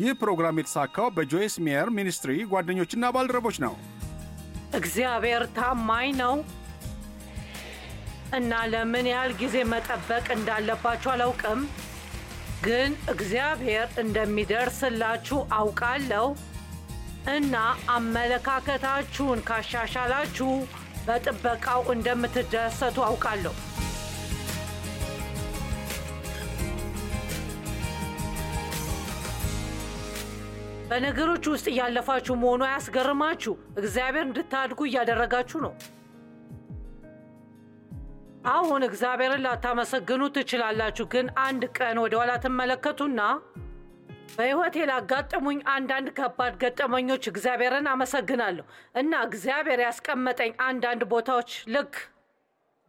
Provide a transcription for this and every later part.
ይህ ፕሮግራም የተሳካው በጆይስ ሚየር ሚኒስትሪ ጓደኞችና ባልደረቦች ነው። እግዚአብሔር ታማኝ ነው እና ለምን ያህል ጊዜ መጠበቅ እንዳለባችሁ አላውቅም፣ ግን እግዚአብሔር እንደሚደርስላችሁ አውቃለሁ እና አመለካከታችሁን ካሻሻላችሁ በጥበቃው እንደምትደሰቱ አውቃለሁ። በነገሮች ውስጥ እያለፋችሁ መሆኑ አያስገርማችሁ። እግዚአብሔር እንድታድጉ እያደረጋችሁ ነው። አሁን እግዚአብሔርን ላታመሰግኑ ትችላላችሁ፣ ግን አንድ ቀን ወደ ኋላ ትመለከቱና በሕይወቴ ላጋጠሙኝ አንዳንድ ከባድ ገጠመኞች እግዚአብሔርን አመሰግናለሁ እና እግዚአብሔር ያስቀመጠኝ አንዳንድ ቦታዎች ልክ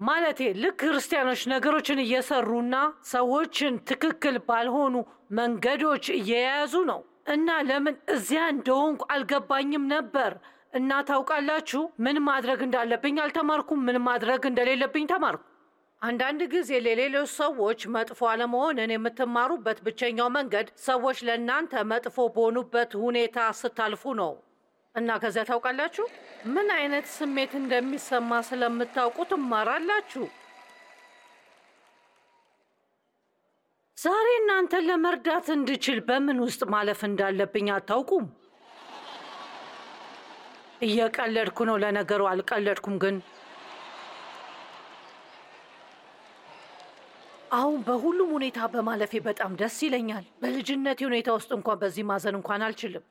ማለቴ ልክ ክርስቲያኖች ነገሮችን እየሰሩና ሰዎችን ትክክል ባልሆኑ መንገዶች እየያዙ ነው። እና ለምን እዚያ እንደሆንኩ አልገባኝም ነበር። እና ታውቃላችሁ ምን ማድረግ እንዳለብኝ አልተማርኩም፣ ምን ማድረግ እንደሌለብኝ ተማርኩ። አንዳንድ ጊዜ ለሌሎች ሰዎች መጥፎ አለመሆንን የምትማሩበት ብቸኛው መንገድ ሰዎች ለእናንተ መጥፎ በሆኑበት ሁኔታ ስታልፉ ነው። እና ከዚያ ታውቃላችሁ ምን አይነት ስሜት እንደሚሰማ ስለምታውቁ ትማራላችሁ። ዛሬ እናንተን ለመርዳት እንድችል በምን ውስጥ ማለፍ እንዳለብኝ አታውቁም። እየቀለድኩ ነው። ለነገሩ አልቀለድኩም፣ ግን አሁን በሁሉም ሁኔታ በማለፌ በጣም ደስ ይለኛል። በልጅነቴ ሁኔታ ውስጥ እንኳን በዚህ ማዘን እንኳን አልችልም።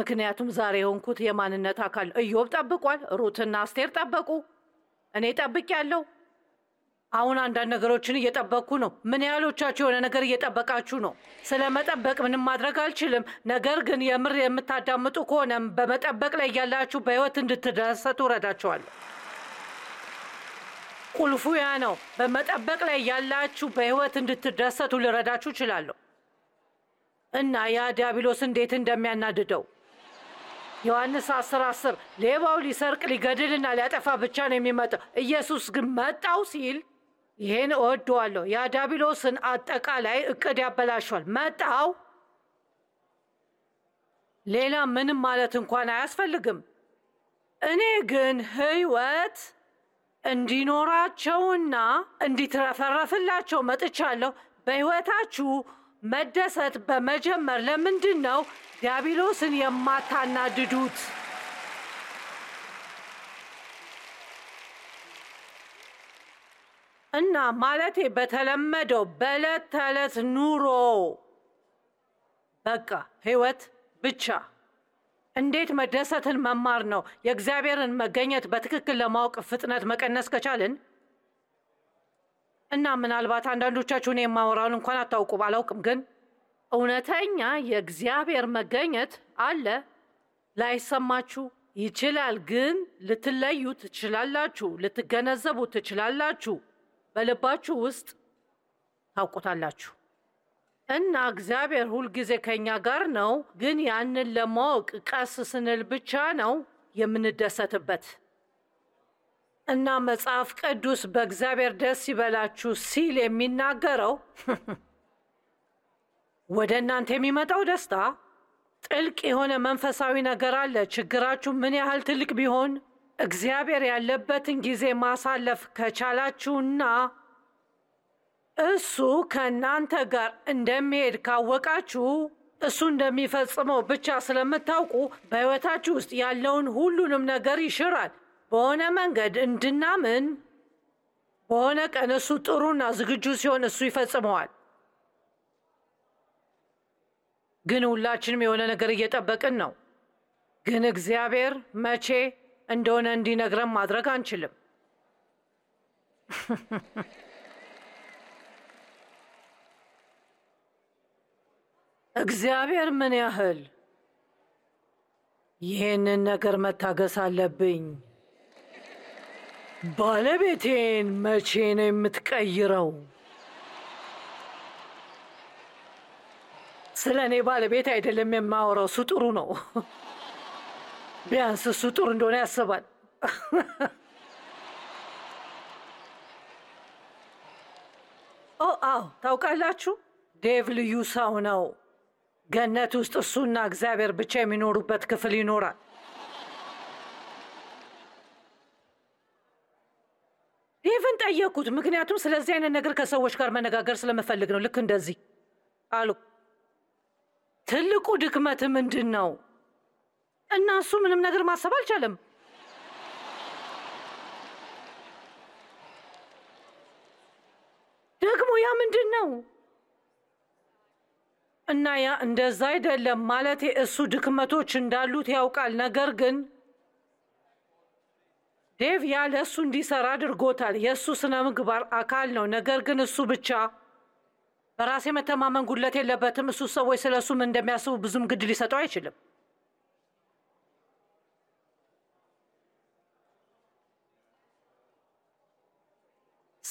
ምክንያቱም ዛሬ የሆንኩት የማንነት አካል ኢዮብ ጠብቋል፣ ሩትና አስቴር ጠበቁ፣ እኔ ጠብቅ ያለው። አሁን አንዳንድ ነገሮችን እየጠበቅኩ ነው። ምን ያህሎቻችሁ የሆነ ነገር እየጠበቃችሁ ነው? ስለ መጠበቅ ምንም ማድረግ አልችልም። ነገር ግን የምር የምታዳምጡ ከሆነ በመጠበቅ ላይ ያላችሁ በህይወት እንድትደሰቱ እረዳችኋለሁ። ቁልፉ ያ ነው። በመጠበቅ ላይ ያላችሁ በህይወት እንድትደሰቱ ልረዳችሁ እችላለሁ። እና ያ ዲያብሎስ እንዴት እንደሚያናድደው ዮሐንስ 10 10 ሌባው ሊሰርቅ ሊገድልና ሊያጠፋ ብቻ ነው የሚመጣው፣ ኢየሱስ ግን መጣው ሲል ይህን እወደዋለሁ። የዳቢሎስን አጠቃላይ እቅድ ያበላሿል። መጣው ሌላ ምንም ማለት እንኳን አያስፈልግም። እኔ ግን ህይወት እንዲኖራቸውና እንዲትረፈረፍላቸው መጥቻለሁ። በህይወታችሁ መደሰት በመጀመር ለምንድን ነው ዲያብሎስን የማታናድዱት? እና ማለቴ በተለመደው በዕለት ተዕለት ኑሮ በቃ ህይወት ብቻ እንዴት መደሰትን መማር ነው። የእግዚአብሔርን መገኘት በትክክል ለማወቅ ፍጥነት መቀነስ ከቻልን እና ምናልባት አንዳንዶቻችሁ እኔ የማወራውን እንኳን አታውቁ አላውቅም። ግን እውነተኛ የእግዚአብሔር መገኘት አለ። ላይሰማችሁ ይችላል፣ ግን ልትለዩ ትችላላችሁ፣ ልትገነዘቡ ትችላላችሁ። በልባችሁ ውስጥ ታውቁታላችሁ እና እግዚአብሔር ሁልጊዜ ከእኛ ጋር ነው። ግን ያንን ለማወቅ ቀስ ስንል ብቻ ነው የምንደሰትበት እና መጽሐፍ ቅዱስ በእግዚአብሔር ደስ ይበላችሁ ሲል የሚናገረው ወደ እናንተ የሚመጣው ደስታ ጥልቅ የሆነ መንፈሳዊ ነገር አለ። ችግራችሁ ምን ያህል ትልቅ ቢሆን እግዚአብሔር ያለበትን ጊዜ ማሳለፍ ከቻላችሁና እሱ ከእናንተ ጋር እንደሚሄድ ካወቃችሁ እሱ እንደሚፈጽመው ብቻ ስለምታውቁ በሕይወታችሁ ውስጥ ያለውን ሁሉንም ነገር ይሽራል። በሆነ መንገድ እንድናምን በሆነ ቀን እሱ ጥሩና ዝግጁ ሲሆን እሱ ይፈጽመዋል። ግን ሁላችንም የሆነ ነገር እየጠበቅን ነው። ግን እግዚአብሔር መቼ እንደሆነ እንዲነግረን ማድረግ አንችልም። እግዚአብሔር ምን ያህል ይህንን ነገር መታገስ አለብኝ፣ ባለቤቴን መቼ ነው የምትቀይረው? ስለ እኔ ባለቤት አይደለም የማወራው፣ እሱ ጥሩ ነው። ቢያንስ እሱ ጥሩ እንደሆነ ያስባል። ኦ አዎ፣ ታውቃላችሁ ዴቭ ልዩ ሰው ነው። ገነት ውስጥ እሱና እግዚአብሔር ብቻ የሚኖሩበት ክፍል ይኖራል። ዴቭን ጠየኩት፣ ምክንያቱም ስለዚህ አይነት ነገር ከሰዎች ጋር መነጋገር ስለምፈልግ ነው። ልክ እንደዚህ አሉ። ትልቁ ድክመት ምንድን ነው? እና እሱ ምንም ነገር ማሰብ አልቻለም። ደግሞ ያ ምንድን ነው? እና ያ እንደዛ አይደለም ማለቴ እሱ ድክመቶች እንዳሉት ያውቃል። ነገር ግን ዴቭ ያለ እሱ እንዲሰራ አድርጎታል። የእሱ ስነ ምግባር አካል ነው። ነገር ግን እሱ ብቻ በራሴ መተማመን ጉድለት የለበትም። እሱ ሰዎች ስለ እሱ ምን እንደሚያስቡ ብዙም ግድ ሊሰጠው አይችልም።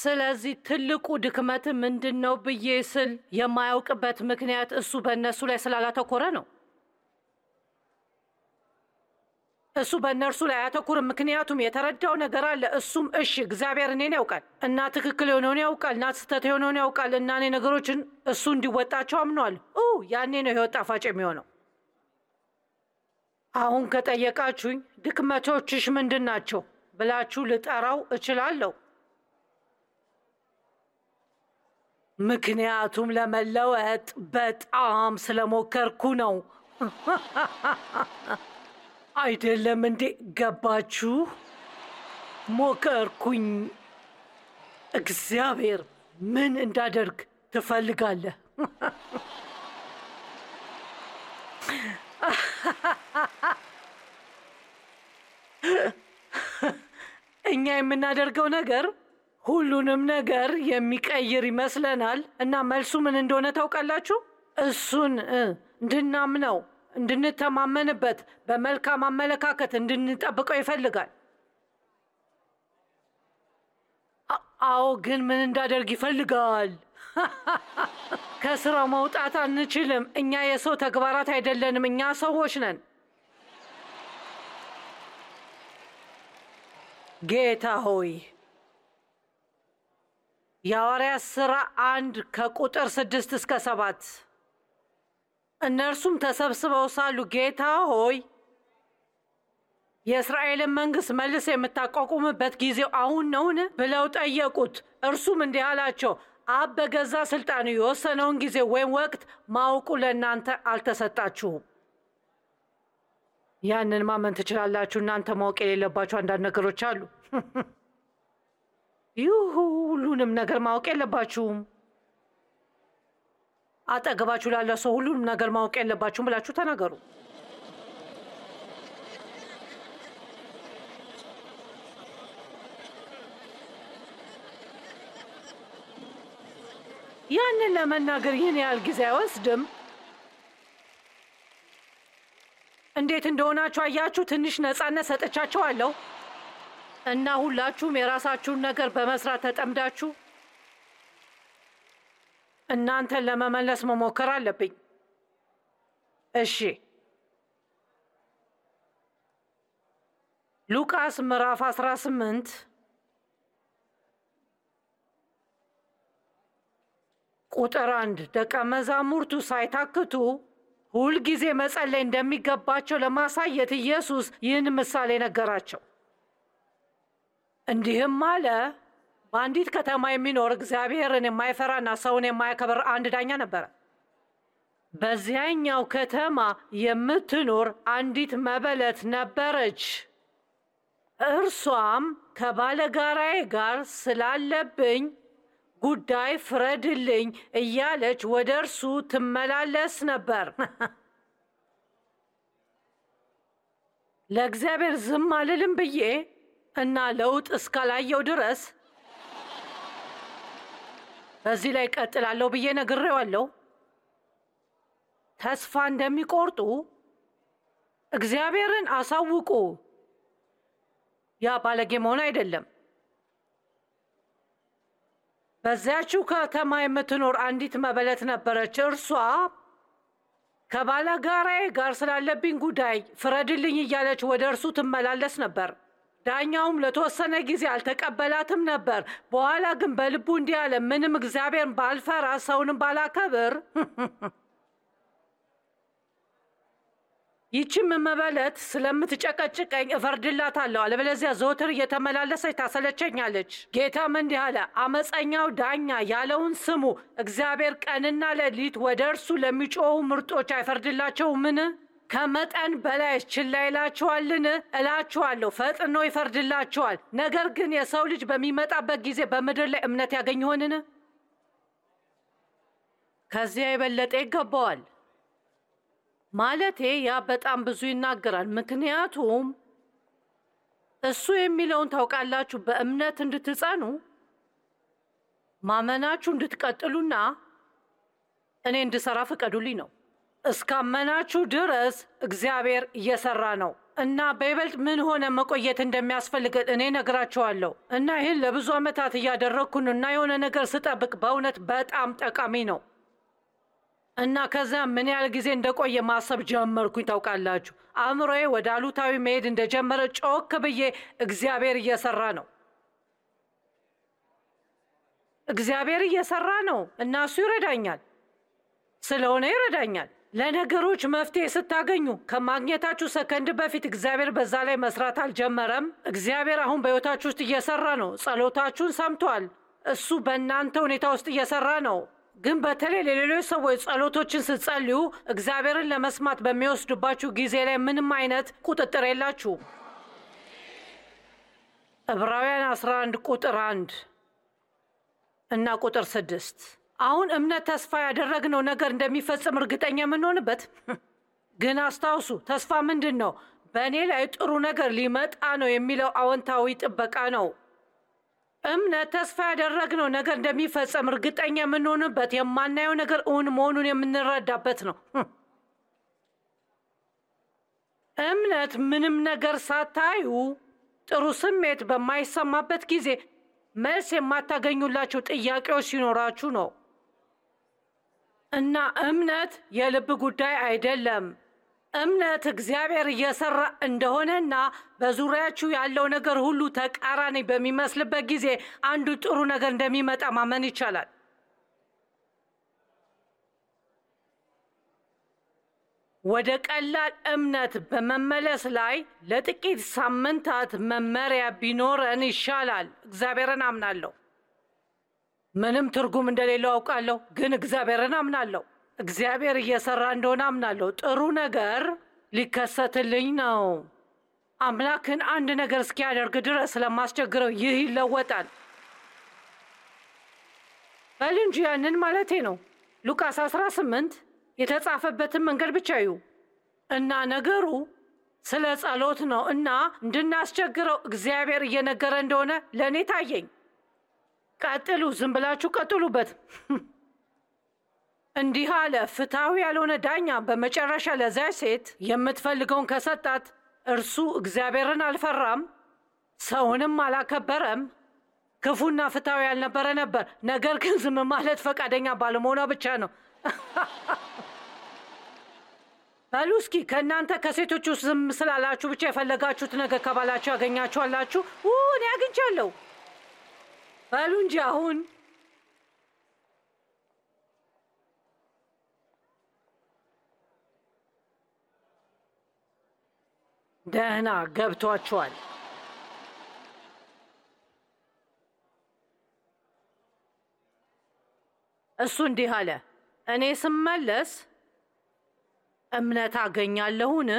ስለዚህ ትልቁ ድክመት ምንድን ነው ብዬ ስል የማያውቅበት ምክንያት እሱ በእነሱ ላይ ስላላተኮረ ነው። እሱ በእነርሱ ላይ አያተኩርም፣ ምክንያቱም የተረዳው ነገር አለ። እሱም እሺ እግዚአብሔር እኔን ያውቃል እና ትክክል የሆነውን ያውቃል እና ስህተት የሆነውን ያውቃል እና እኔ ነገሮችን እሱ እንዲወጣቸው አምኗል። ያኔ ነው ህይወት ጣፋጭ የሚሆነው። አሁን ከጠየቃችሁኝ ድክመቶችሽ ምንድን ናቸው ብላችሁ ልጠራው እችላለሁ። ምክንያቱም ለመለወጥ በጣም ስለሞከርኩ ነው። አይደለም እንዴ? ገባችሁ? ሞከርኩኝ። እግዚአብሔር ምን እንዳደርግ ትፈልጋለህ? እኛ የምናደርገው ነገር ሁሉንም ነገር የሚቀይር ይመስለናል እና መልሱ ምን እንደሆነ ታውቃላችሁ? እሱን እንድናምነው፣ እንድንተማመንበት፣ በመልካም አመለካከት እንድንጠብቀው ይፈልጋል። አዎ፣ ግን ምን እንዳደርግ ይፈልጋል? ከስራው መውጣት አንችልም። እኛ የሰው ተግባራት አይደለንም። እኛ ሰዎች ነን። ጌታ ሆይ የሐዋርያ ሥራ አንድ ከቁጥር ስድስት እስከ ሰባት እነርሱም ተሰብስበው ሳሉ ጌታ ሆይ የእስራኤልን መንግሥት መልስ የምታቋቁምበት ጊዜው አሁን ነውን? ብለው ጠየቁት። እርሱም እንዲህ አላቸው፣ አብ በገዛ ሥልጣኑ የወሰነውን ጊዜ ወይም ወቅት ማወቁ ለእናንተ አልተሰጣችሁም። ያንን ማመን ትችላላችሁ። እናንተ ማወቅ የሌለባችሁ አንዳንድ ነገሮች አሉ። ይህ ሁሉንም ነገር ማወቅ የለባችሁም አጠገባችሁ ላለ ሰው ሁሉንም ነገር ማወቅ የለባችሁም ብላችሁ ተናገሩ። ያንን ለመናገር ይህን ያህል ጊዜ አይወስድም። እንዴት እንደሆናችሁ አያችሁ። ትንሽ ነፃነት አለው እና ሁላችሁም የራሳችሁን ነገር በመስራት ተጠምዳችሁ እናንተን ለመመለስ መሞከር አለብኝ። እሺ። ሉቃስ ምዕራፍ 18 ቁጥር አንድ ደቀ መዛሙርቱ ሳይታክቱ ሁልጊዜ መጸለይ እንደሚገባቸው ለማሳየት ኢየሱስ ይህን ምሳሌ ነገራቸው። እንዲህም አለ፣ በአንዲት ከተማ የሚኖር እግዚአብሔርን የማይፈራና ሰውን የማያከብር አንድ ዳኛ ነበረ። በዚያኛው ከተማ የምትኖር አንዲት መበለት ነበረች። እርሷም ከባለጋራዬ ጋር ስላለብኝ ጉዳይ ፍረድልኝ እያለች ወደ እርሱ ትመላለስ ነበር። ለእግዚአብሔር ዝም አልልም ብዬ እና ለውጥ እስካላየው ድረስ በዚህ ላይ ቀጥላለሁ ብዬ ነግሬዋለሁ። ተስፋ እንደሚቆርጡ እግዚአብሔርን አሳውቁ። ያ ባለጌ መሆን አይደለም። በዚያችው ከተማ የምትኖር አንዲት መበለት ነበረች። እርሷ ከባለጋራዬ ጋር ስላለብኝ ጉዳይ ፍረድልኝ እያለች ወደ እርሱ ትመላለስ ነበር። ዳኛውም ለተወሰነ ጊዜ አልተቀበላትም ነበር። በኋላ ግን በልቡ እንዲህ አለ፣ ምንም እግዚአብሔርን ባልፈራ ሰውንም ባላከብር ይቺም መበለት ስለምትጨቀጭቀኝ እፈርድላታለሁ፣ አለበለዚያ ዘወትር እየተመላለሰች ታሰለቸኛለች። ጌታም እንዲህ አለ፣ አመፀኛው ዳኛ ያለውን ስሙ። እግዚአብሔር ቀንና ሌሊት ወደ እርሱ ለሚጮኹ ምርጦች አይፈርድላቸውምን? ከመጠን በላይ ችላ ይላችኋልን? እላችኋለሁ ፈጥኖ ይፈርድላችኋል። ነገር ግን የሰው ልጅ በሚመጣበት ጊዜ በምድር ላይ እምነት ያገኝ ይሆንን? ከዚያ የበለጠ ይገባዋል። ማለቴ ያ በጣም ብዙ ይናገራል። ምክንያቱም እሱ የሚለውን ታውቃላችሁ፣ በእምነት እንድትጸኑ ማመናችሁ እንድትቀጥሉና እኔ እንድሰራ ፍቀዱልኝ ነው። እስካመናችሁ ድረስ እግዚአብሔር እየሰራ ነው እና በይበልጥ ምን ሆነ መቆየት እንደሚያስፈልገን እኔ ነግራችኋለሁ። እና ይህን ለብዙ ዓመታት እያደረግኩን እና የሆነ ነገር ስጠብቅ በእውነት በጣም ጠቃሚ ነው እና ከዚያ ምን ያህል ጊዜ እንደቆየ ማሰብ ጀመርኩኝ። ታውቃላችሁ፣ አእምሮዬ ወደ አሉታዊ መሄድ እንደጀመረ ጮክ ብዬ እግዚአብሔር እየሰራ ነው እግዚአብሔር እየሰራ ነው እና እሱ ይረዳኛል ስለሆነ ይረዳኛል ለነገሮች መፍትሄ ስታገኙ ከማግኘታችሁ ሰከንድ በፊት እግዚአብሔር በዛ ላይ መስራት አልጀመረም? እግዚአብሔር አሁን በሕይወታችሁ ውስጥ እየሰራ ነው። ጸሎታችሁን ሰምቷል። እሱ በእናንተ ሁኔታ ውስጥ እየሰራ ነው። ግን በተለይ ለሌሎች ሰዎች ጸሎቶችን ስትጸልዩ እግዚአብሔርን ለመስማት በሚወስድባችሁ ጊዜ ላይ ምንም አይነት ቁጥጥር የላችሁ። ዕብራውያን 11 ቁጥር 1 እና ቁጥር 6 አሁን እምነት ተስፋ ያደረግነው ነገር እንደሚፈጽም እርግጠኛ የምንሆንበት ግን አስታውሱ፣ ተስፋ ምንድን ነው? በእኔ ላይ ጥሩ ነገር ሊመጣ ነው የሚለው አዎንታዊ ጥበቃ ነው። እምነት ተስፋ ያደረግነው ነገር እንደሚፈጸም እርግጠኛ የምንሆንበት የማናየው ነገር እውን መሆኑን የምንረዳበት ነው። እምነት ምንም ነገር ሳታዩ ጥሩ ስሜት በማይሰማበት ጊዜ መልስ የማታገኙላቸው ጥያቄዎች ሲኖራችሁ ነው። እና እምነት የልብ ጉዳይ አይደለም። እምነት እግዚአብሔር እየሰራ እንደሆነና በዙሪያችሁ ያለው ነገር ሁሉ ተቃራኒ በሚመስልበት ጊዜ አንዱ ጥሩ ነገር እንደሚመጣ ማመን ይቻላል። ወደ ቀላል እምነት በመመለስ ላይ ለጥቂት ሳምንታት መመሪያ ቢኖረን ይሻላል። እግዚአብሔርን አምናለሁ። ምንም ትርጉም እንደሌለው አውቃለሁ፣ ግን እግዚአብሔርን አምናለሁ። እግዚአብሔር እየሰራ እንደሆነ አምናለሁ። ጥሩ ነገር ሊከሰትልኝ ነው። አምላክን አንድ ነገር እስኪያደርግ ድረስ ስለማስቸግረው ይህ ይለወጣል። በል እንጂ ያንን ማለቴ ነው። ሉቃስ 18 የተጻፈበትን መንገድ ብቻ ዩ እና ነገሩ ስለ ጸሎት ነው እና እንድናስቸግረው እግዚአብሔር እየነገረ እንደሆነ ለእኔ ታየኝ። ቀጥሉ፣ ዝም ብላችሁ ቀጥሉበት። እንዲህ አለ። ፍትሐዊ ያልሆነ ዳኛ በመጨረሻ ለዚያች ሴት የምትፈልገውን ከሰጣት እርሱ እግዚአብሔርን አልፈራም፣ ሰውንም አላከበረም፣ ክፉና ፍትሐዊ ያልነበረ ነበር። ነገር ግን ዝም ማለት ፈቃደኛ ባለመሆኗ ብቻ ነው። በሉ እስኪ ከእናንተ ከሴቶች ውስጥ ዝም ስላላችሁ ብቻ የፈለጋችሁት ነገር ከባላችሁ ያገኛችኋላችሁ። እኔ አግኝቻለሁ። በሉ እንጂ አሁን ደህና ገብቷችኋል። እሱ እንዲህ አለ፣ እኔ ስመለስ እምነት አገኛለሁን?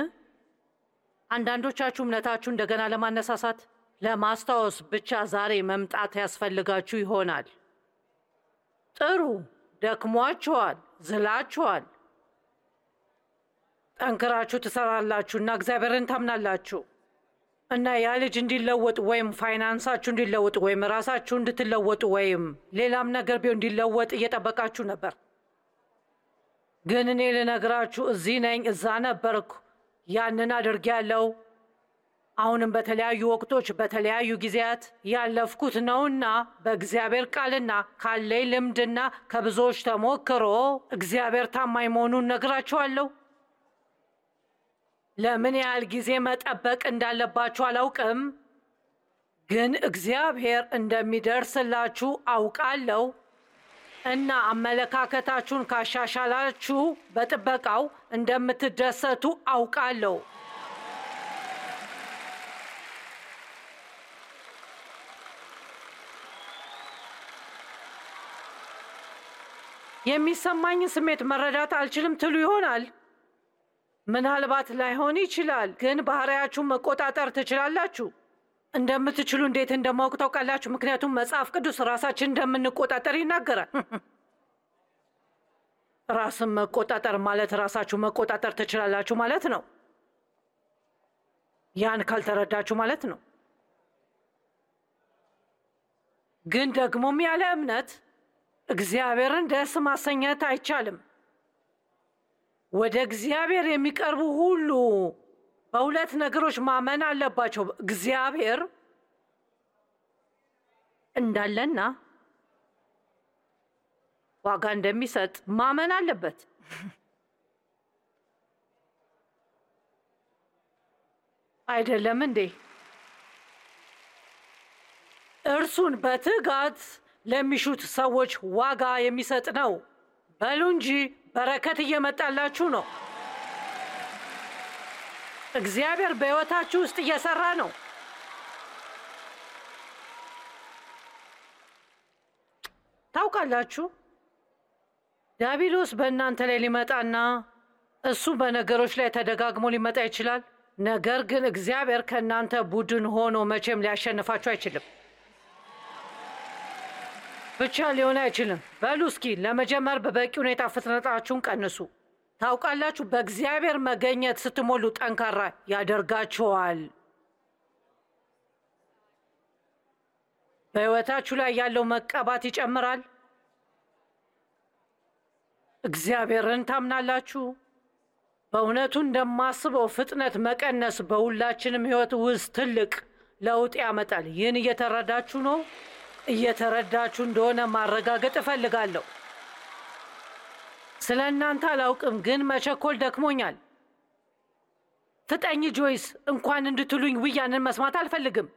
አንዳንዶቻችሁ እምነታችሁ እንደገና ለማነሳሳት ለማስታወስ ብቻ ዛሬ መምጣት ያስፈልጋችሁ ይሆናል። ጥሩ፣ ደክሟችኋል፣ ዝላችኋል። ጠንክራችሁ ትሰራላችሁና እግዚአብሔርን ታምናላችሁ እና ያ ልጅ እንዲለወጥ ወይም ፋይናንሳችሁ እንዲለወጥ ወይም ራሳችሁ እንድትለወጡ ወይም ሌላም ነገር ቢሆን እንዲለወጥ እየጠበቃችሁ ነበር። ግን እኔ ልነግራችሁ እዚህ ነኝ፣ እዛ ነበርኩ፣ ያንን አድርጌያለሁ አሁንም በተለያዩ ወቅቶች በተለያዩ ጊዜያት ያለፍኩት ነውና በእግዚአብሔር ቃልና ካለይ ልምድና ከብዙዎች ተሞክሮ እግዚአብሔር ታማኝ መሆኑን ነግራችኋለሁ። ለምን ያህል ጊዜ መጠበቅ እንዳለባችሁ አላውቅም፣ ግን እግዚአብሔር እንደሚደርስላችሁ አውቃለሁ እና አመለካከታችሁን ካሻሻላችሁ በጥበቃው እንደምትደሰቱ አውቃለሁ። የሚሰማኝን ስሜት መረዳት አልችልም ትሉ ይሆናል። ምናልባት ላይሆን ይችላል፣ ግን ባህሪያችሁ መቆጣጠር ትችላላችሁ። እንደምትችሉ እንዴት እንደማወቅ ታውቃላችሁ፣ ምክንያቱም መጽሐፍ ቅዱስ ራሳችን እንደምንቆጣጠር ይናገራል። ራስን መቆጣጠር ማለት ራሳችሁ መቆጣጠር ትችላላችሁ ማለት ነው። ያን ካልተረዳችሁ ማለት ነው። ግን ደግሞም ያለ እምነት እግዚአብሔርን ደስ ማሰኘት አይቻልም። ወደ እግዚአብሔር የሚቀርቡ ሁሉ በሁለት ነገሮች ማመን አለባቸው። እግዚአብሔር እንዳለና ዋጋ እንደሚሰጥ ማመን አለበት። አይደለም እንዴ? እርሱን በትጋት ለሚሹት ሰዎች ዋጋ የሚሰጥ ነው። በሉ እንጂ በረከት እየመጣላችሁ ነው። እግዚአብሔር በሕይወታችሁ ውስጥ እየሰራ ነው። ታውቃላችሁ ዲያብሎስ በእናንተ ላይ ሊመጣና እሱ በነገሮች ላይ ተደጋግሞ ሊመጣ ይችላል። ነገር ግን እግዚአብሔር ከእናንተ ቡድን ሆኖ መቼም ሊያሸንፋችሁ አይችልም። ብቻ ሊሆን አይችልም። በሉ እስኪ ለመጀመር በበቂ ሁኔታ ፍጥነታችሁን ቀንሱ። ታውቃላችሁ፣ በእግዚአብሔር መገኘት ስትሞሉ ጠንካራ ያደርጋችኋል። በሕይወታችሁ ላይ ያለው መቀባት ይጨምራል። እግዚአብሔርን ታምናላችሁ። በእውነቱ እንደማስበው ፍጥነት መቀነስ በሁላችንም ሕይወት ውስጥ ትልቅ ለውጥ ያመጣል። ይህን እየተረዳችሁ ነው? እየተረዳችሁ እንደሆነ ማረጋገጥ እፈልጋለሁ። ስለ እናንተ አላውቅም፣ ግን መቸኮል ደክሞኛል። ፍጠኝ ጆይስ፣ እንኳን እንድትሉኝ ውያንን መስማት አልፈልግም።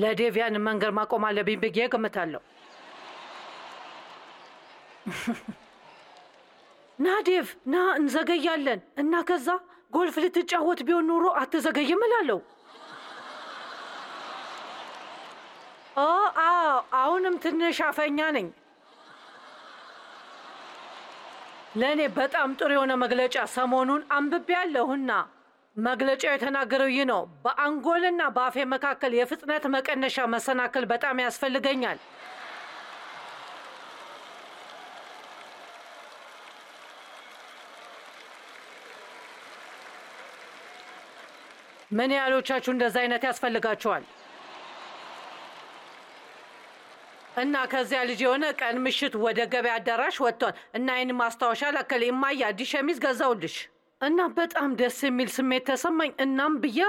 ለዴቭ ያንን መንገድ ማቆም አለብኝ ብዬ እገምታለሁ። ና ዴቭ፣ ና እንዘገያለን እና ከዛ ጎልፍ ልትጫወት ቢሆን ኑሮ አትዘገይም እላለሁ። አዎ አሁንም ትንሽ አፈኛ ነኝ። ለእኔ በጣም ጥሩ የሆነ መግለጫ ሰሞኑን አንብቤ ያለሁና መግለጫው የተናገረው ይህ ነው። በአንጎልና በአፌ መካከል የፍጥነት መቀነሻ መሰናክል በጣም ያስፈልገኛል። ምን ያህሎቻችሁ እንደዚህ አይነት ያስፈልጋችኋል? እና ከዚያ ልጅ የሆነ ቀን ምሽት ወደ ገበያ አዳራሽ ወጥቷል እና ይህን ማስታወሻ ላከል የማየ አዲስ ሸሚዝ ገዛውልሽ እና በጣም ደስ የሚል ስሜት ተሰማኝ። እናም ብዬ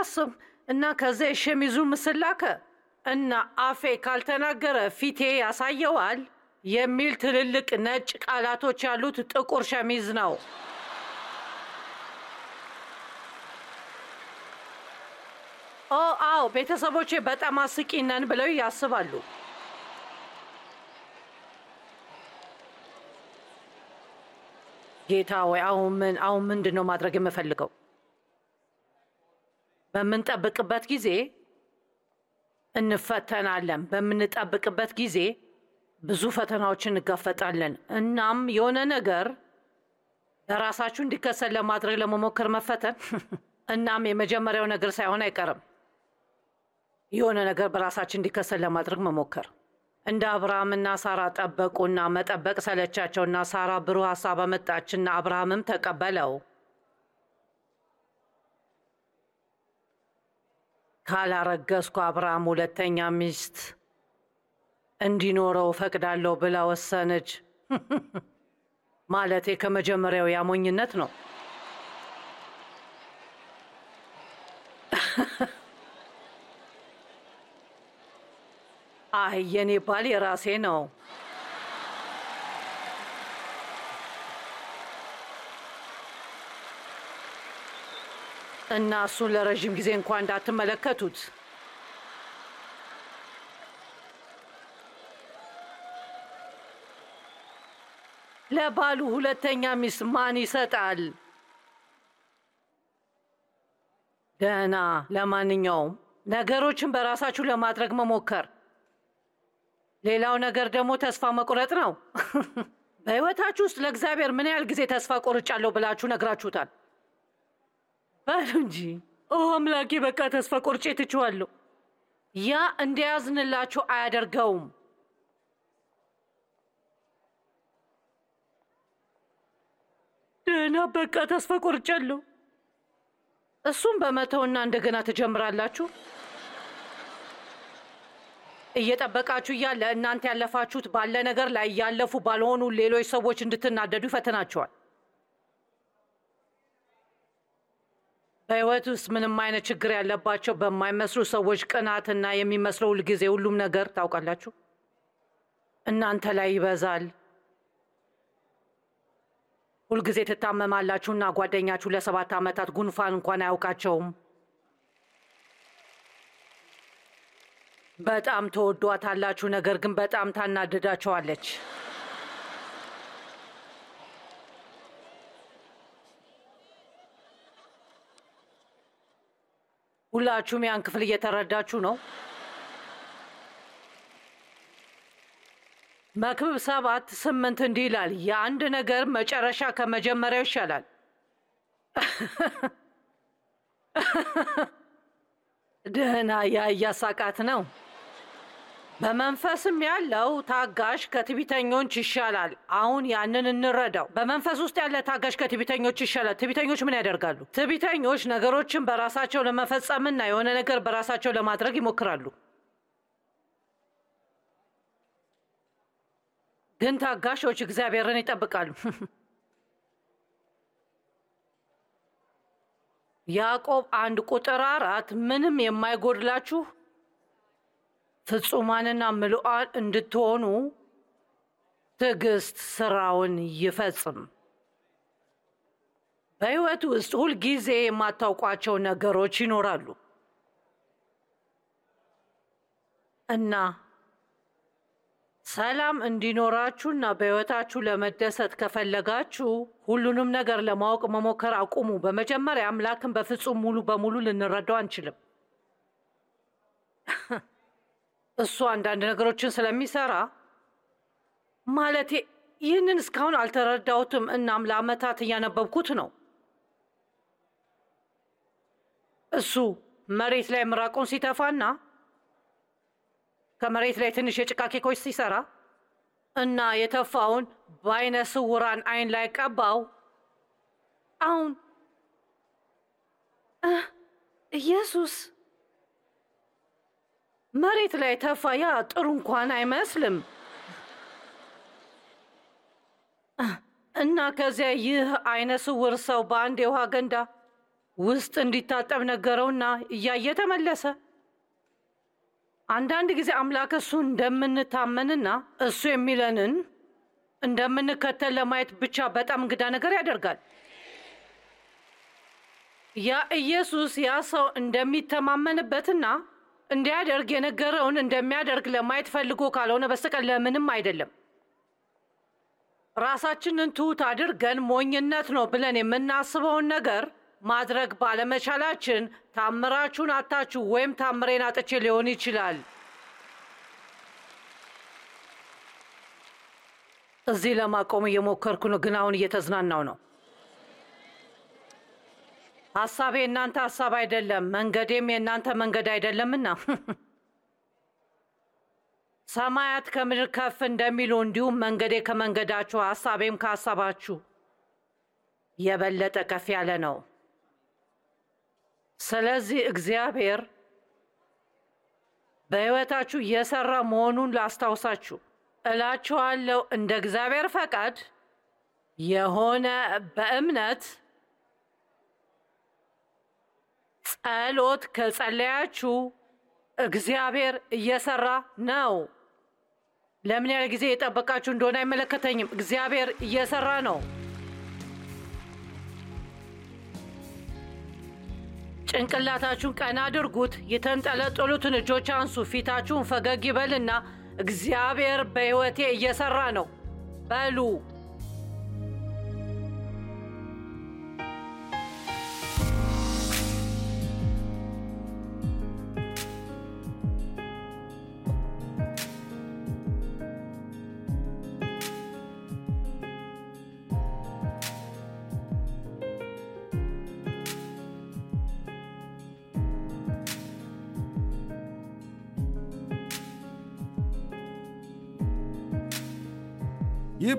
እና ከዚያ የሸሚዙ ምስል ላከ እና አፌ ካልተናገረ ፊቴ ያሳየዋል የሚል ትልልቅ ነጭ ቃላቶች ያሉት ጥቁር ሸሚዝ ነው። ኦ አዎ፣ ቤተሰቦቼ በጣም አስቂ ነን ብለው ያስባሉ። ጌታ ወይ አሁን ምን አሁን ምንድን ነው ማድረግ የምፈልገው? በምንጠብቅበት ጊዜ እንፈተናለን። በምንጠብቅበት ጊዜ ብዙ ፈተናዎች እንጋፈጣለን። እናም የሆነ ነገር ለራሳችሁ እንዲከሰል ለማድረግ ለመሞከር መፈተን እናም የመጀመሪያው ነገር ሳይሆን አይቀርም። የሆነ ነገር በራሳችን እንዲከሰል ለማድረግ መሞከር እንደ አብርሃምና ሳራ ጠበቁና መጠበቅ ሰለቻቸውና ሳራ ብሩህ ሀሳብ አመጣችና አብርሃምም ተቀበለው። ካላረገዝኩ አብርሃም ሁለተኛ ሚስት እንዲኖረው ፈቅዳለሁ ብላ ወሰነች። ማለቴ ከመጀመሪያው ያሞኝነት ነው። አይ የኔ ባል የራሴ ነው። እና እሱን ለረዥም ጊዜ እንኳ እንዳትመለከቱት። ለባሉ ሁለተኛ ሚስት ማን ይሰጣል? ደህና። ለማንኛውም ነገሮችን በራሳችሁ ለማድረግ መሞከር ሌላው ነገር ደግሞ ተስፋ መቁረጥ ነው። በህይወታችሁ ውስጥ ለእግዚአብሔር ምን ያህል ጊዜ ተስፋ ቆርጫለሁ ብላችሁ ነግራችሁታል? በሉ እንጂ ኦ አምላኬ፣ በቃ ተስፋ ቆርጬ ትችዋለሁ። ያ እንደያዝንላችሁ አያደርገውም። ደህና በቃ ተስፋ ቆርጫለሁ። እሱም በመተውና እንደገና ትጀምራላችሁ። እየጠበቃችሁ እያለ እናንተ ያለፋችሁት ባለ ነገር ላይ እያለፉ ባልሆኑ ሌሎች ሰዎች እንድትናደዱ ይፈትናቸዋል። በህይወት ውስጥ ምንም አይነት ችግር ያለባቸው በማይመስሉ ሰዎች ቅናትና የሚመስለው ሁልጊዜ ሁሉም ነገር ታውቃላችሁ እናንተ ላይ ይበዛል። ሁልጊዜ ትታመማላችሁና ጓደኛችሁ ለሰባት ዓመታት ጉንፋን እንኳን አያውቃቸውም። በጣም ተወዷታላችሁ፣ ነገር ግን በጣም ታናድዳቸዋለች። ሁላችሁም ያን ክፍል እየተረዳችሁ ነው። መክብብ ሰባት ስምንት እንዲህ ይላል፣ የአንድ ነገር መጨረሻ ከመጀመሪያው ይሻላል። ደህና ያ እያሳቃት ነው። በመንፈስም ያለው ታጋሽ ከትቢተኞች ይሻላል። አሁን ያንን እንረዳው። በመንፈስ ውስጥ ያለ ታጋሽ ከትቢተኞች ይሻላል። ትቢተኞች ምን ያደርጋሉ? ትቢተኞች ነገሮችን በራሳቸው ለመፈጸምና የሆነ ነገር በራሳቸው ለማድረግ ይሞክራሉ። ግን ታጋሾች እግዚአብሔርን ይጠብቃሉ። ያዕቆብ አንድ ቁጥር አራት ምንም የማይጎድላችሁ ፍጹማንና ምሉዓን እንድትሆኑ ትዕግስት ስራውን ይፈጽም። በሕይወት ውስጥ ሁልጊዜ የማታውቋቸው ነገሮች ይኖራሉ እና ሰላም እንዲኖራችሁና በሕይወታችሁ ለመደሰት ከፈለጋችሁ ሁሉንም ነገር ለማወቅ መሞከር አቁሙ። በመጀመሪያ አምላክን በፍጹም ሙሉ በሙሉ ልንረዳው አንችልም። እሱ አንዳንድ ነገሮችን ስለሚሰራ ማለቴ ይህንን እስካሁን አልተረዳሁትም። እናም ለአመታት እያነበብኩት ነው። እሱ መሬት ላይ ምራቁን ሲተፋና ከመሬት ላይ ትንሽ የጭቃ ኬኮች ሲሰራ እና የተፋውን በአይነ ስውራን አይን ላይ ቀባው። አሁን ኢየሱስ መሬት ላይ ተፋ። ጥሩ እንኳን አይመስልም። እና ከዚያ ይህ አይነ ስውር ሰው በአንድ የውሃ ገንዳ ውስጥ እንዲታጠብ ነገረውና እያየ ተመለሰ። አንዳንድ ጊዜ አምላክ እሱ እንደምንታመንና እሱ የሚለንን እንደምንከተል ለማየት ብቻ በጣም እንግዳ ነገር ያደርጋል። ያ ኢየሱስ ያ ሰው እንደሚተማመንበትና እንዲያደርግ የነገረውን እንደሚያደርግ ለማየት ፈልጎ ካልሆነ በስተቀር ለምንም አይደለም። ራሳችንን ትሁት አድርገን ሞኝነት ነው ብለን የምናስበውን ነገር ማድረግ ባለመቻላችን ታምራችሁን አታችሁ ወይም ታምሬን አጥቼ ሊሆን ይችላል። እዚህ ለማቆም እየሞከርኩ ነው፣ ግን አሁን እየተዝናናው ነው። ሀሳቤ የእናንተ ሀሳብ አይደለም፣ መንገዴም የእናንተ መንገድ አይደለምና ሰማያት ከምድር ከፍ እንደሚሉ እንዲሁም መንገዴ ከመንገዳችሁ ሀሳቤም ከሀሳባችሁ የበለጠ ከፍ ያለ ነው። ስለዚህ እግዚአብሔር በሕይወታችሁ እየሰራ መሆኑን ላስታውሳችሁ እላችኋለሁ። እንደ እግዚአብሔር ፈቃድ የሆነ በእምነት ጸሎት ከጸለያችሁ እግዚአብሔር እየሰራ ነው። ለምን ያህል ጊዜ የጠበቃችሁ እንደሆነ አይመለከተኝም። እግዚአብሔር እየሰራ ነው። ጭንቅላታችሁን ቀና አድርጉት። የተንጠለጠሉትን እጆች አንሱ። ፊታችሁን ፈገግ ይበልና እግዚአብሔር በሕይወቴ እየሰራ ነው በሉ።